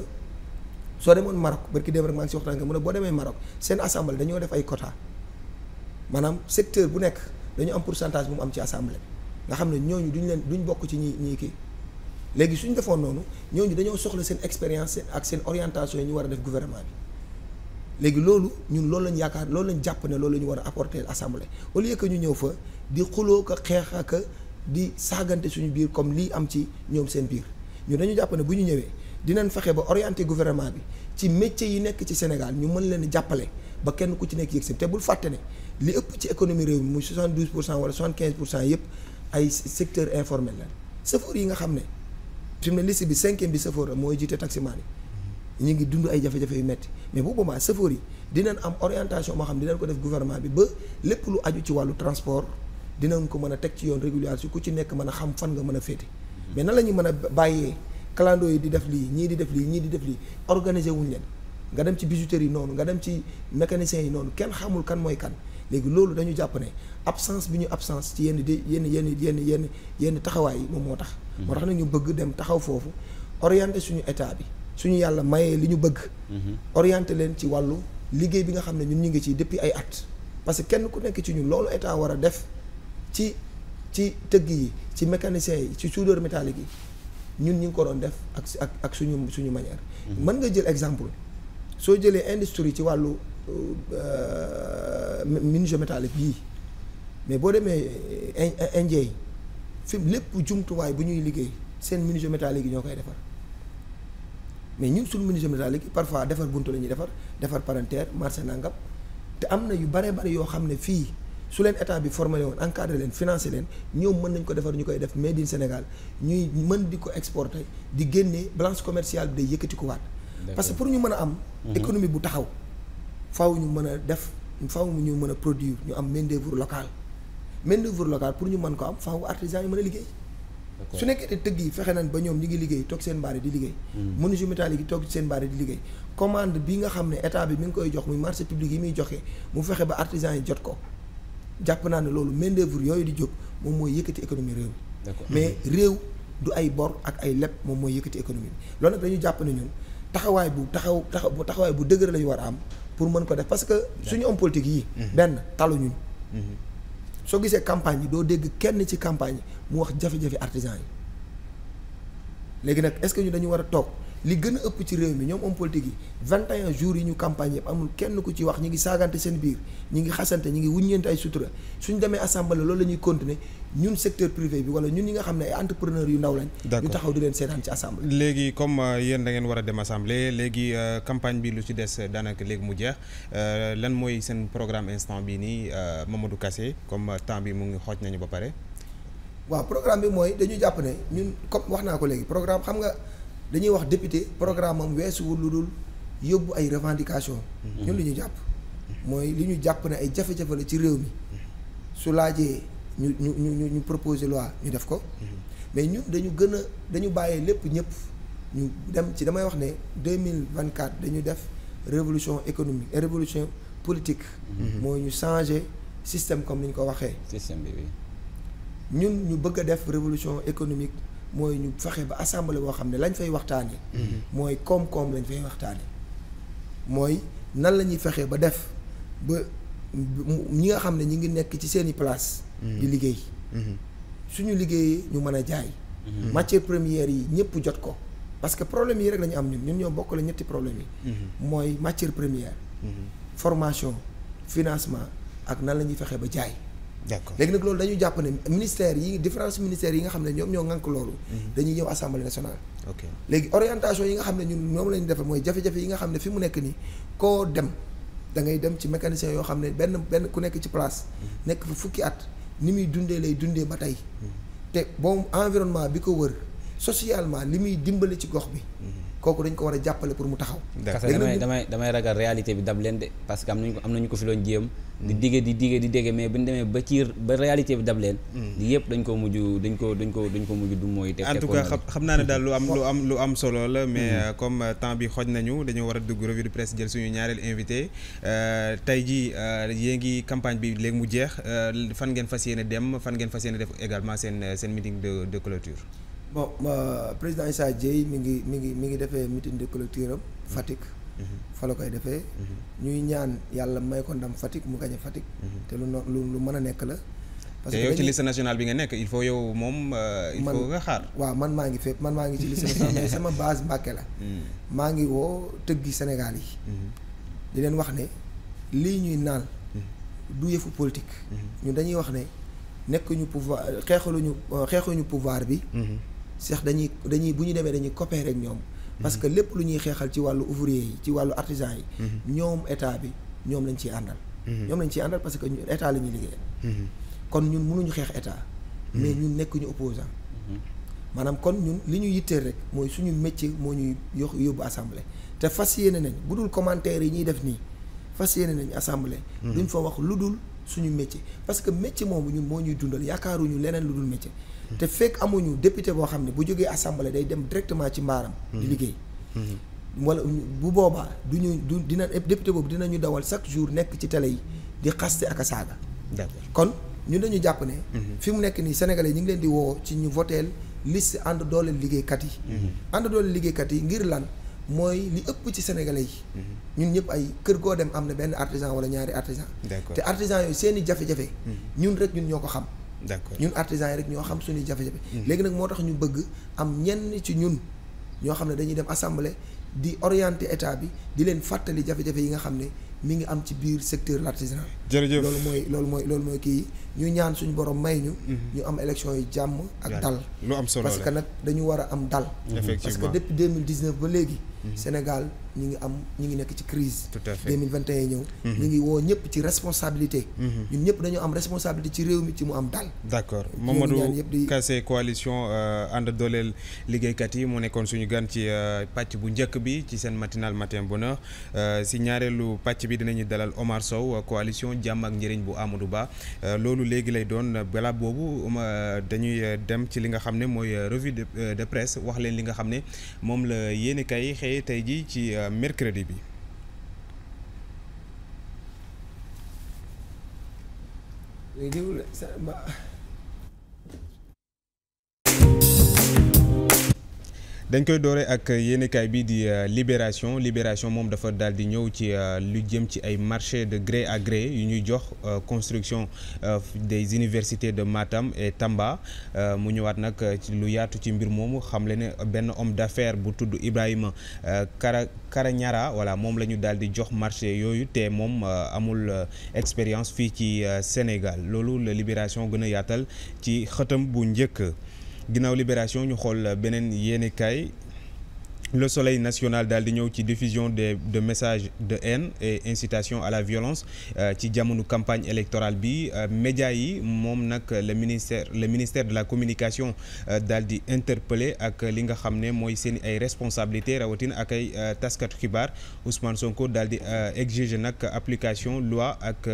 soo demoon Maroc barki dem rek maa ngi si waxtaan nga mu ne boo demee Maroc seen assemblée dañoo def ay quota maanaam secteur bu nekk dañu am pourcentage bu mu am ci assemblée nga xam ne ñooñu duñ leen duñ bokk ci ñi ñii kii léegi suñu defoon noonu ñooñu dañoo soxla seen expérience ak seen orientation yi ñu war a def gouvernement bi léegi loolu ñun loolu lañ yaakaar loolu lañ jàpp ne loolu la ñu war a apporter assemblée au lieu que ñu ñëw fa di xuloo ko xeex ak di saagante suñu biir comme lii am ci ñoom seen biir ñun dañu jàpp ne bu ñu ñëwee dinañ fexe ba orienté gouvernement bi ci métier yi nekk ci Sénégal ñu mën leen jàppale ba kenn ku ci nekk yëg si te bul li ëpp ci économie réew mi muy 72 pour cent wala 75 pour cent yëpp ay secteur la safoor yi xam ne fi mu bi cinquième bi safoor mooy jiite taximaan yi ñu ngi dund ay jafe yu metti mais bu boobaa safoor yi dinañ am orientation moo xam dinañ ko def gouvernement bi ba lépp lu ci wàllu transport dinañ ko mën a teg ci yoon régulier ku ci nekk mën a xam fan nga mën a féete mais na la ñu mën a bàyyee clando yi di def lii ñii di def lii ñii di def lii organiser wuñ leen nga dem ci bijouterie yi noonu nga dem ci mécanicien yi noonu kenn xamul kan mooy kan léegi loolu dañu jàpp ne absence bi ñu absence ci yenn di yenn yenn yenn yenn yenn taxawaay yi moom moo tax mm-hmm. moo tax na ñu bëgg dem taxaw foofu orienter suñu état bi suñu yàlla mayee li ñu bëgg mm-hmm. orienter leen ci wàllu liggéey bi nga xam ne ñun ñu ngi ci depuis ay at parce que kenn ku nekk ci ñu loolu état war a def ci ci tëgg yi ci mécanicien yi ci soudeur métallique yi ñun ñu ngi ko doon def ak ak ak suñu suñu manière. Mhm. mën nga jël exemple soo jëlee industrie ci wàllu euh, mine je yii mais boo demee euh, Indien yi fi lépp jumtuwaay bu ñuy liggéey seen mine je yi ñoo koy defar mais ñun suñu mine je métallique yi parfois defar buntu la ñuy defar defar parentère marché nangam te am na yu bare bari yoo xam ne fii. su leen état bi formé woon encadré leen financé leen ñoom mën nañ ko defar ñu koy def made in Sénégal ñuy mën di ko exporter di génne balance commerciale bi day yëkkati ko waat parce que pour ñu mën a am mhm. économie bu taxaw faw ñu mën a def faaw ñu mën a produire ñu am main d'œuvre locale main d'œuvre locale pour ñu mën ko am faaw artisan yi mën a liggéey su nekkee tëgg yi fexe nañ ba ñoom ñu ngi liggéey toog seen mbaari di liggéey mhm. menuisier métallique yi toog seen mbaari di liggéey bi nga xam ne état bi mi ngi koy jox muy marché public muy joxe mu fexe ba artisan yi jot ko jàpp naa ne loolu main d'œuvre yooyu di jóg moom mooy yëkkati économie réew mi mais mm-hmm. réew du ay bor ak ay leb moom mooy yëkkati économie bi loolu nag dañu jàpp ne ñun taxawaay bu taxaw taxaw taxawaay bu dëgër lañu war a am pour mën ko def parce que suñu om politique yi mm-hmm. benn talu ñun mm-hmm. soo gisee campagne yi doo dégg kenn ci campagne yi mu wax jafe-jafe artisan yi léegi nag est-ce que ñu dañu war a toog li gën a ëpp ci réew mi ñoom homme politique yi 21 jours yi ñu campagne yëpp amul kenn ku ci wax ñi ngi saagante seen biir ñi ngi xasante ñi ngi wuññeente ay sutura suñ demee assemblée loolu la ñuy continuer ñun secteur privé bi wala ñun ñi nga xam ne ay entrepreneur yu ndaw lañ ñu taxaw di leen seetaan ci assemblée léegi comme euh, yéen da ngeen war a dem assemblée léegi euh, campagne bi lu ci des euh, daanaka léegi mu jeex lan mooy seen programme instant bii nii Mamadou Kassé comme temps bi mu ngi xooj nañu ba pare waaw programme bi mooy jàpp ne ñun comme wax naa ko léegi programme xam nga dañuy wax député programme am weesuwul lu dul yóbbu ay revendication mhm. ñun li ñu jàpp mooy li ñu jàpp ne ay jafe-jafe la ci réew mi su laajee ñu ñu ñu ñu proposer loi ñu def ko mhm. mais ñun dañu gën a dañu bàyyee lépp ñëpp ñu dem ci damay wax ne deux mille vingt quatre dañu def révolution économique euh, révolution politique mhm. mooy ñu changer système comme ni ñu ko waxee système bi ñun ñu bëgg a def révolution économique mooy ñu fexe ba assemblée boo xam ne lañ fay waxtaanee. Mm-hmm. mooy koom-koom lañ fay waxtaanee. mooy nan la ñuy fexe ba def ba ñi nga xam ne ñi ngi nekk ci seen i place mm-hmm. di liggéey. Mm-hmm. suñu liggéeyee ñu mën a jaay. matière première yi ñëpp jot ko. parce que problème yi rek lañu am ñun ñun ñoo bokk la ñetti problème yi. mooy matière première. formation financement ak nan la ñuy fexe ba jaay. d'accord léegi nag loolu dañu jàpp ne ministère yi différence ministères yi nga xam ne ñoom ñoo ŋànk loolu mhm. dañuy ñëw assemblée nationale ok léegi orientation yi nga xam ne ñun ñoom la ñu defal mooy jafe-jafe yi nga xam ne fi mu nekk nii koo dem da ngay dem ci mécanicien yoo xam ne benn benn ku nekk ci place mhm. nekk fa fukki at ni muy dundee lay dundee ba tey mhm. te boobu environnement bi ko wër socialement li muy dimbali ci gox bi kooku dañ ko war a jàppale pour mu taxaw. parce que damay damay damay ragal réalité bi dab leen de parce que am nañu ko am nañu ko fi doon jéem. di digge di digge di dégge mais ba ñu demee ba ci ba bi dab leen. di hmm. yëpp dañ ko mujj dañ ko dañ ko dañ ko mujj du mooy. te en tout cas xam naa ne daal lu am lu am lu am solo la. mais hmm. euh, comme euh, temps bi xoj nañu dañoo war a dugg revue de presse jël suñu ñaareel invité. Euh, tey jii yéen ngi campagne bi léegi mu jeex fan ngeen fas yéene dem fan ngeen fas yéene def également seen seen meeting de bon euh, président Issa Dieye mi ngi mi ngi mi ngi defee meeting de clôture am mm-hmm. Fatick. Mm-hmm. fa la koy defee. Mm-hmm. ñuy ñaan yàlla may ko ndam Fatick mu gañ a Fatick. te lu no lu mën a nekk la. parce que yow ci liste nationale bi nga nekk il faut yow moom. Euh, il faut nga xaar waaw man maa ngi fépp man maa ngi ci liste nationale mais sama base Mbàkke la. maa ngi woo tëggi Sénégal yi. di leen wax ne lii ñuy naan. du yëfu politique. ñu dañuy wax ne nekkuñu pouvoir xeexaluñu euh, xeexuñu bi. sax dañuy dañuy bu ñu demee dañuy coopérer ak ñoom. parce que lépp lu ñuy xeexal ci wàllu ouvrier yi ci wàllu artisan yi. Mm-hmm. ñoom état bi ñoom lañ ciy àndal. Mm-hmm. ñoom lañ ci àndal parce que ñun état la mm-hmm. kon ñun mënuñu xeex état. mais ñun nekkuñu opposant maanaam kon ñun li ñu yitteel rek mooy suñu métier moo ñuy yox yóbbu assemblée te fas yéene nañ bu dul commentaire yi ñuy def nii fas yéene nañ assemblée. ñu fa wax lu dul suñu métier parce que métier moomu ñun moo ñuy dundal yaakaaruñu leneen lu dul métier. te fekk amuñu député boo xam ne bu jógee assemblée day dem directement ci mbaaram. di liggéey. wala bu booba du ñu du dina député boobu dina ñu dawal chaque jour nekk ci tele yi di xaste ak a saaga. d'accord kon ñun dañu jàpp ne. Mhm. fi mu nekk nii sénégalais ñu ngi leen di woo ci ñu voteel liste ànd doole liggéeykat yi. Mhm. ànd doole kat yi ngir lan mooy li ëpp ci sénégalais yi. Mhm. ñun ñëpp ay kër goo dem am na benn artisan wala ñaari artisan. te artisan yooyu seen i jafe ñun rek ñun ñoo ko xam. d'accord ñun artisan yi rek ñoo xam suñuy jafe-jafe. Mhm. léegi nag moo tax ñu bëgg am ñenn ci ñun ñoo xam ne dañuy dem assemblée di orienter état bi di leen fàttali jafe-jafe yi nga xam ne mi ngi am ci biir secteur l'artisanat jërëjëf loolu mooy loolu mooy loolu mooy kii ñu ñaan suñu borom may ñu. Mm-hmm. ñu am élection yi jàmm ak dal. lu am solo parce que nag dañu war a am dal. parce que depuis deux mille dix neuf ba léegi. Mm-hmm. Sénégal ñu ngi am ñu ngi nekk ci crise tout à fait deux mille ñëw. Mm-hmm. ñu ngi woo ñëpp ci responsabilité. ñun ñëpp dañoo am responsabilité ci réew mi ci mu am dal. d' accord Mamadou Kassé coalition euh, ànd dooleel liggéeykat yi mu nekkoon suñu gan ci euh, pàcc bu njëkk bi ci seen matinal matin na euh, si ñaareelu pàcc bi dinañu dalal Omar Sow coalition. jàmm ak njëriñ bu Amadou Ba euh, loolu léegi lay doon balaa boobu um, euh, dañuy euh, dem ci li nga xam ne mooy revue de presse wax leen li nga xam ne moom la yéene kay xëye tey ji ci mercredi bi dañ koy doore ak yéenekaay bi di euh, Libération Libération moom dafa daal di ñëw ci euh, lu jëm ci ay marché de gré à gré yu ñuy jox euh, construction des universités de Matam et Tamba mu ñëwaat nag lu yaatu ci mbir moomu xam le ne benn homme d'affaires bu tudd Ibrahima Kara Karañara wala moom la ñu daal di jox marché yooyu te moom amul expérience fii ci Sénégal loolu la Libération gën yaatal ci xëtam bu njëkk ginnaaw libération ñu xool beneen yéenekaay le soleil national daal di ñëw ci diffusion des de message de haine et incitation à la violence euh, ci jamono campagne électorale bi euh, média yi moom nag le ministère le ministère de la communication euh, daal di interpellé ak li nga xam ne mooy seen ay responsabilité rawatina ak ay taskat xibaar Ousmane Sonko daal di exiger nag application loi ak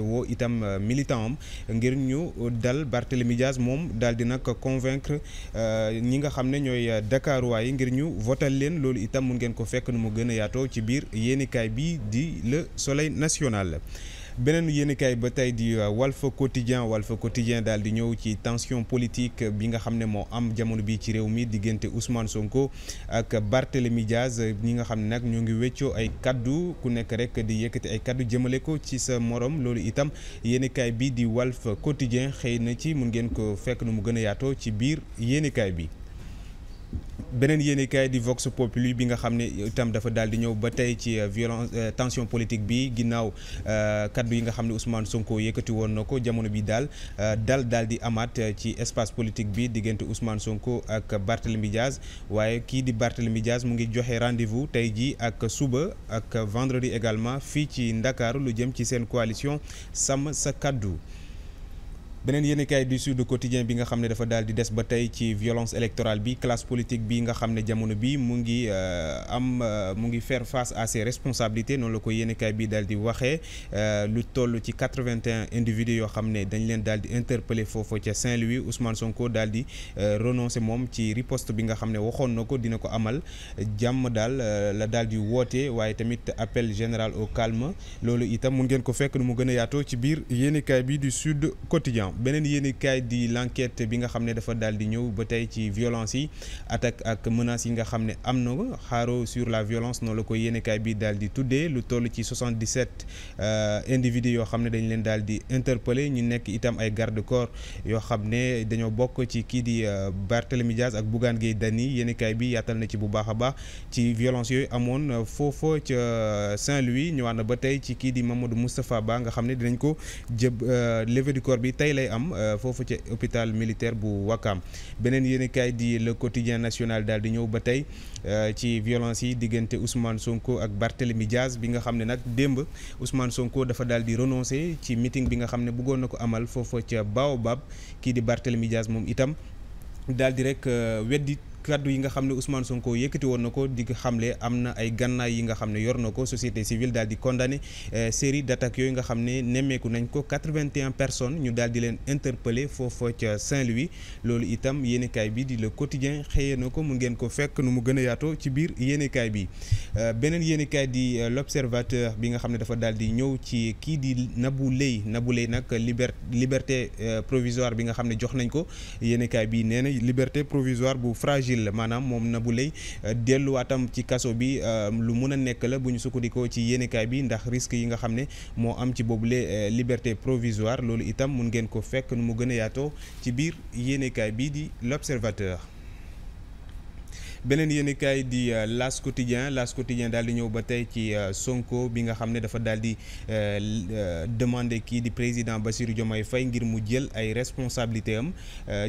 woo itam militant am ngir ñu dal Barthélémy Diaz moom daal di nag convaincre ñi nga xam ne ñooy Dakarois ngir ñu votal leen loolu itam mun ngeen ko fekk nu mu gën a yaatoo ci biir yéenikaay bi di le soleil national la beneen yéenikaay ba tey di euh, Walf Quotidien Walf Quotidien daal di ñëw ci tension politique bi nga xam ne moo am jamono bi ci réew mi diggante Ousmane Sonko ak Barthélémy Diaz ñi nga xam ne nag ñoo ngi weccoo ay kàddu ku nekk rek di yëkkati ay kaddu jëmale ko ci sa morom loolu itam yéenikaay bi di Walf Quotidien xëy na ci mun ngeen ko fekk nu mu gën a yaatoo ci biir yéenikaay bi beneen yéenekaay di Vox Populi bi nga xam ne itam dafa daal di ñëw ba tey ci euh, violence euh, tension politique bi ginnaaw euh, kaddu yi nga xam ne Ousmane Sonko yekkati woon na ko jamono bi daal dal daal di amaat ci espace politique bi diggante Ousmane Sonko ak Barthélemy Diaz waaye kii di Barthélemy Diaz mu ngi joxe rendez-vous tey jii ak suba ak vendredi également fii ci Ndakaaru lu jëm ci seen coalition sàmm sa kaddu. beneen yéenekaay du Sud Quotidien bi nga xam ne dafa daal di des ba tey ci violence électorale bi classe politique bi nga xam ne jamono bi mu ngi euh, am euh, mu ngi faire face à ses responsabilités noonu la ko yéenekaay bi daal di waxee euh, lu toll ci 81 individus yoo xam ne dañ leen daal di interpellé foofu ca Saint-Louis Ousmane Sonko daal di renoncé moom ci riposte bi nga xam ne waxoon na ko dina ko amal jàmm daal la daal di woote waaye tamit appel général au calme loolu itam mun ngeen ko fekk nu mu gën a yaatoo ci biir yéenekaay bi du Sud Quotidien beneen yéen di l'enquête bi nga xam ne dafa daal di ñëw ba tey ci violence yi attaque ak menaces yi nga xam ne am na xaaro sur la violence noonu la ko yéen kaay bi daal di tuddee lu toll ci 77 euh, individus yoo xam ne dañu leen daal di interpellé ñu nekk itam ay garde yoo xam ne dañoo bokk ci kii di euh, Barthélemy Diaz ak Bougane Gueye dani yéen bi yaatal na ci bu baax a baax ci violence yooyu amoon euh, foofa ca Saint-Louis ñëwaat na ba tey ci kii di Mamadou Moustapha Ba nga xam ne dinañ ko jëb levée du corps bi tey la lay am euh, foofu ca hôpital militaire bu Wakam beneen yéenekaay di le quotidien national daal di ñëw ba tey euh, ci violence yi diggante Ousmane Sonko ak Barthélemy Diaz bi nga xam ne nag démb Ousmane Sonko dafa daal di renoncer ci meeting bi nga xam ne bëggoon na ko amal foofa ca Baobab kii di Barthélemy Diaz moom itam daal di rek euh, weddi. kaddu yi nga xam ne Ousmane Sonko yëkkati woon na ko di xamle am na ay gannaay yi nga xam ne yor na ko société civile daal di condamné eh, série d'attaques yooyu nga xam ne nemmeeku nañ ko 81 personnes ñu daal di leen interpellé foofa ca Saint-Louis loolu itam yéenekaay bi di le quotidien xëyee na ko mu ngeen ko fekk nu mu gën yaatoo ci biir yéenekaay bi eh, beneen yéenekaay di eh, l'observateur bi nga xam ne dafa daal di ñëw ci kii di Nabou Leye Nabou Leye nag liberté liberté provisoire bi nga xam ne jox nañ ko yéenekaay bi nee asile maanaam moom na Nabou Leye euh, delluwaatam ci kaso bi euh, lu mën a nekk la bu ñu sukkandikoo ci yéenekaay bi ndax risque yi nga xam ne moo am ci boobu boobule euh, liberté provisoire loolu itam mun ngeen ko fekk nu mu gën a yaatoo ci biir yéenekaay bii di l'observateur beneen yéenekaay di euh, L'As quotidien L'As quotidien daal di ñëw ba tey ci euh, Sonko bi nga xam ne dafa daal di euh, demander kii di président basiru Diomaye Faye ngir mu jël ay responsabilité am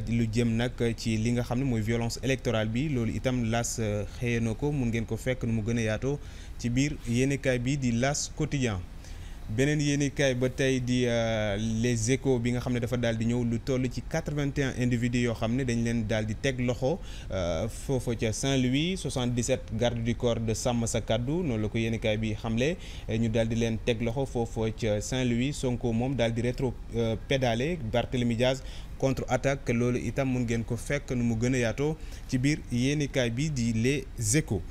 lu jëm nag ci li nga xam ne mooy violence électorale bi loolu itam L'As xëyee na ko mun ngeen ko fekk nu mu gën a yaatoo ci biir yéenekaay bi di L'As quotidien beneen yéeni ba tey di euh, les échos bi nga xam ne dafa daal di ñëw lu toll ci quatre-vingt-un individus yoo xam ne dañu leen daal di teg loxo euh, foofa ca Saint-Louis 77 garde du corps de sàmm sa kaddu noonu la ko yéeni kaay bi xamle euh, ñu daal di leen teg loxo foofa ca Saint-Louis Sonko moom daal di rétro pédalé Barthélemy Diaz contre attaque loolu itam mun ngeen ko fekk nu mu gën a yaatoo ci biir yéeni kaay bi di les échos